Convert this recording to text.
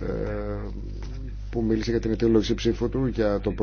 Ε, που μίλησε για την αιτιολόγηση ψήφου του για το